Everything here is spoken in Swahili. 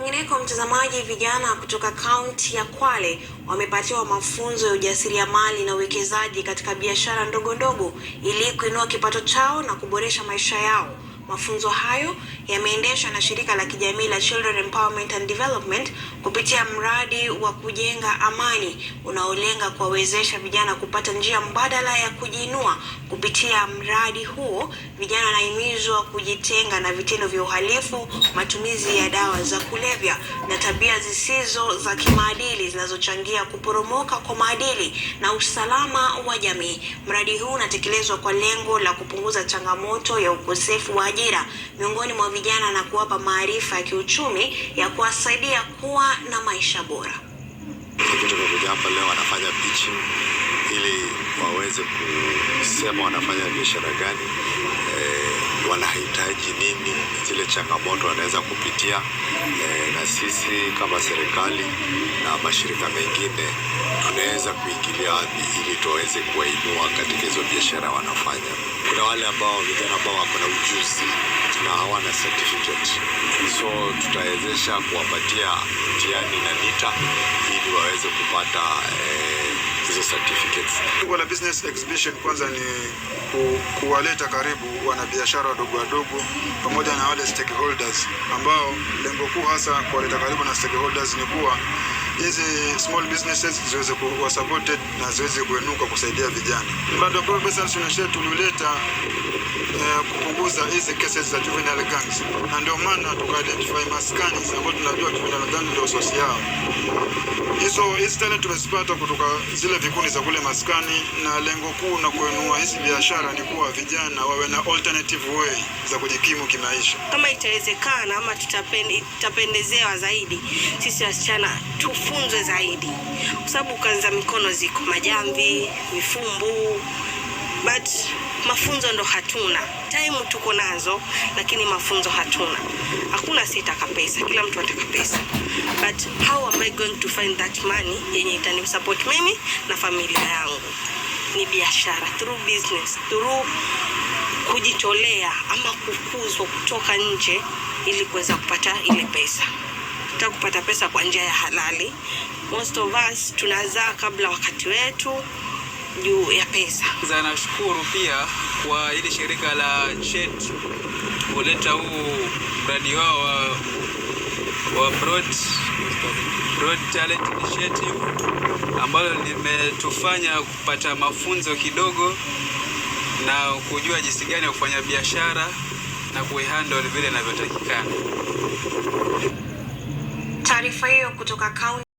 Kwingineko, mtazamaji, vijana kutoka kaunti ya Kwale wamepatiwa mafunzo ya ujasiriamali na uwekezaji katika biashara ndogo ndogo ili kuinua kipato chao na kuboresha maisha yao. Mafunzo hayo yameendeshwa na shirika la kijamii la Children Empowerment and Development kupitia mradi wa kujenga amani unaolenga kuwawezesha vijana kupata njia mbadala ya kujiinua. Kupitia mradi huo, vijana wanahimizwa kujitenga na vitendo vya uhalifu, matumizi ya dawa za kulevya na tabia zisizo za kimaadili zinazochangia kuporomoka kwa maadili na usalama wa jamii. Mradi huu unatekelezwa kwa lengo la kupunguza changamoto ya ukosefu wa ajira miongoni mwa vijana na kuwapa maarifa ya kiuchumi ya kuwasaidia kuwa na maisha bora. Tumekuja hapa leo, wanafanya pichi ili waweze kusema wanafanya biashara gani, e, wanahitaji nini changamoto wanaweza kupitia e, na sisi kama serikali na mashirika mengine tunaweza kuingilia ili tuweze kuwainua katika hizo biashara wanafanya. Kuna wale ambao vijana ambao wako na ujuzi na hawana certificate, so tutawezesha kuwapatia mtihani na NITA ili waweze kupata e, certificates. Kwa business exhibition kwanza ni ku, kuwaleta karibu wanabiashara wadogo wadogo pamoja na wale stakeholders ambao lengo kuu hasa kuwaleta karibu na stakeholders ni kuwa hizi small businesses ziweze kuwa supported na ziweze kuenuka kusaidia vijana. Bado kwa pesa tunashe tulileta eh, kupunguza hizi cases za juvenile gangs, na ndio maana tukaidentify maskani ambayo tunajua juvenile gangs ndio sosi yao. Hizo hizi tena tumezipata kutoka zile vikundi za kule maskani, na lengo kuu na kuenua hizi biashara ni kuwa vijana wawe na alternative way za kujikimu kimaisha. Kama itawezekana ama tutapendezewa zaidi sisi wasichana tu tujifunze zaidi, kwa sababu kazi za mikono ziko majamvi, mifumbu, but mafunzo ndo hatuna. Time tuko nazo, lakini mafunzo hatuna. Hakuna sitaka pesa, kila mtu anataka pesa, but how am I going to find that money yenye itani support mimi na familia yangu? Ni biashara, through business, through kujitolea ama kukuzwa kutoka nje ili kuweza kupata ile pesa. Tunataka kupata pesa kwa njia ya halali. Most of us tunazaa kabla wakati wetu juu ya pesa. Nashukuru pia kwa ile shirika la CHET kuleta huu mradi wao wa, wa broad, broad talent initiative ambalo limetufanya kupata mafunzo kidogo na kujua jinsi gani ya kufanya biashara na kuihandle vile inavyotakikana. Taarifa hiyo kutoka kaunti